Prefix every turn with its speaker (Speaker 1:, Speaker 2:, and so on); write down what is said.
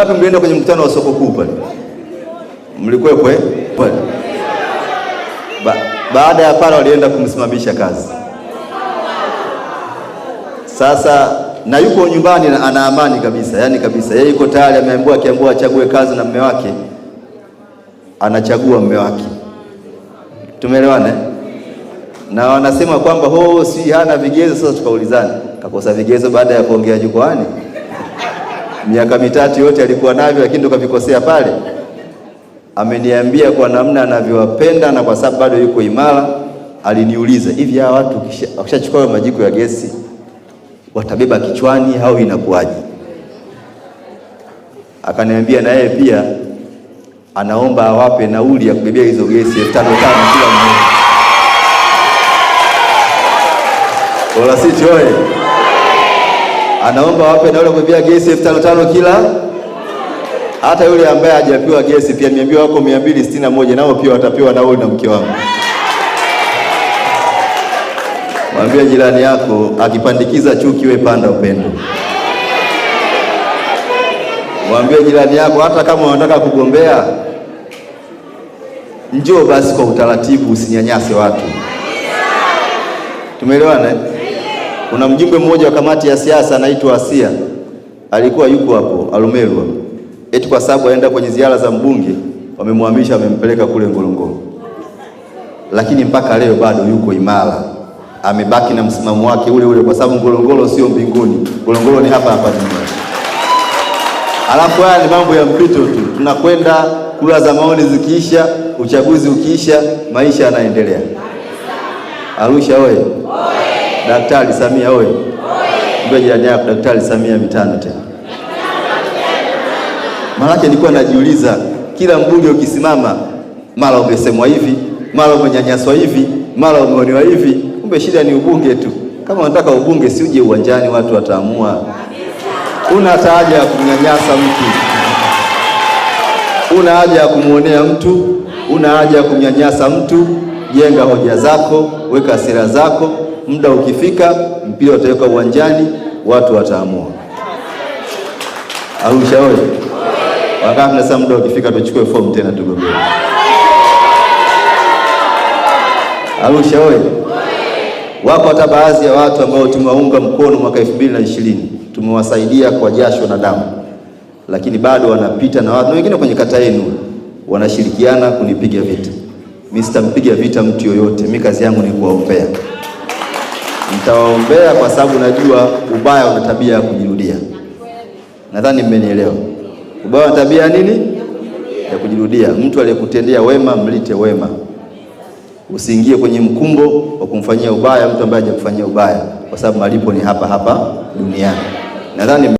Speaker 1: Wangapi mlienda kwenye mkutano wa soko kuu pale? Mlikwepo eh? Ba baada ya pale walienda kumsimamisha kazi. Sasa na yuko nyumbani na ana amani kabisa, yani kabisa. Yeye yuko tayari ameambiwa akiambiwa achague kazi na mume wake anachagua mume wake. Tumeelewana eh? Na wanasema kwamba ho oh, si hana vigezo. Sasa tukaulizana, kakosa vigezo baada ya kuongea jukwani miaka mitatu yote alikuwa navyo, lakini tukavikosea pale. Ameniambia kwa namna anavyowapenda na kwa sababu bado yuko imara. Aliniuliza, hivi hawa watu wakishachukua majiko ya gesi watabeba kichwani au inakuwaje? Akaniambia na yeye pia anaomba awape nauli ya kubebea hizo gesi elfu tano tano kila mmoja. Olasiti oye! anaomba wape nauli kulipia gesi elfu tano tano kila. Hata yule ambaye hajapewa gesi pia, niambiwa wako mia mbili sitini na moja nao pia watapewa nauli na mke wangu. Mwambie jirani yako akipandikiza chuki, we panda upendo. Mwambie jirani yako hata kama unataka kugombea, njoo basi kwa utaratibu, usinyanyase watu. Tumeelewana? Eh? Kuna mjumbe mmoja wa kamati ya siasa anaitwa Asia, alikuwa yuko hapo Arumelwa, eti kwa sababu aenda kwenye ziara za mbunge wamemhamisha, wamempeleka kule Ngorongoro, lakini mpaka leo bado yuko imara, amebaki na msimamo wake ule ule, kwa sababu Ngorongoro sio mbinguni, Ngorongoro ni hapa hapa duniani. Alafu haya ni mambo ya mpito tu, tunakwenda kura za maoni zikiisha, uchaguzi ukiisha, maisha yanaendelea. Arusha oye! Daktari Samia oye! Mpe jirani yako Daktari Samia mitano tena. Maanake nilikuwa najiuliza, kila mbunge ukisimama, mara umesemwa hivi, mara umenyanyaswa hivi, mara umeonewa hivi. Kumbe shida ni ubunge tu. Kama unataka ubunge, si uje uwanjani, watu wataamua. Una haja ya kumnyanyasa mtu, una haja ya kumwonea mtu, una haja ya kumnyanyasa mtu. Jenga hoja zako, weka sera zako muda ukifika, mpira utawekwa uwanjani, watu wataamua. Au ushauri wakati tunasema muda ukifika tuchukue fomu tena tugogee. Au oye wako hata baadhi ya watu ambao tumewaunga mkono mwaka elfu mbili na ishirini tumewasaidia kwa jasho na damu, lakini bado wanapita na watu wengine kwenye kata yenu wanashirikiana kunipiga vita. mi sitampiga vita mtu yoyote, mi kazi yangu ni kuwaombea nitawaombea kwa sababu najua ubaya una tabia ya kujirudia. Nadhani mmenielewa. Ubaya una tabia nini? Ya kujirudia. Mtu aliyekutendea wema mlite wema, usiingie kwenye mkumbo wa kumfanyia ubaya mtu ambaye hajakufanyia ubaya, kwa sababu malipo ni hapa hapa duniani. Nadhani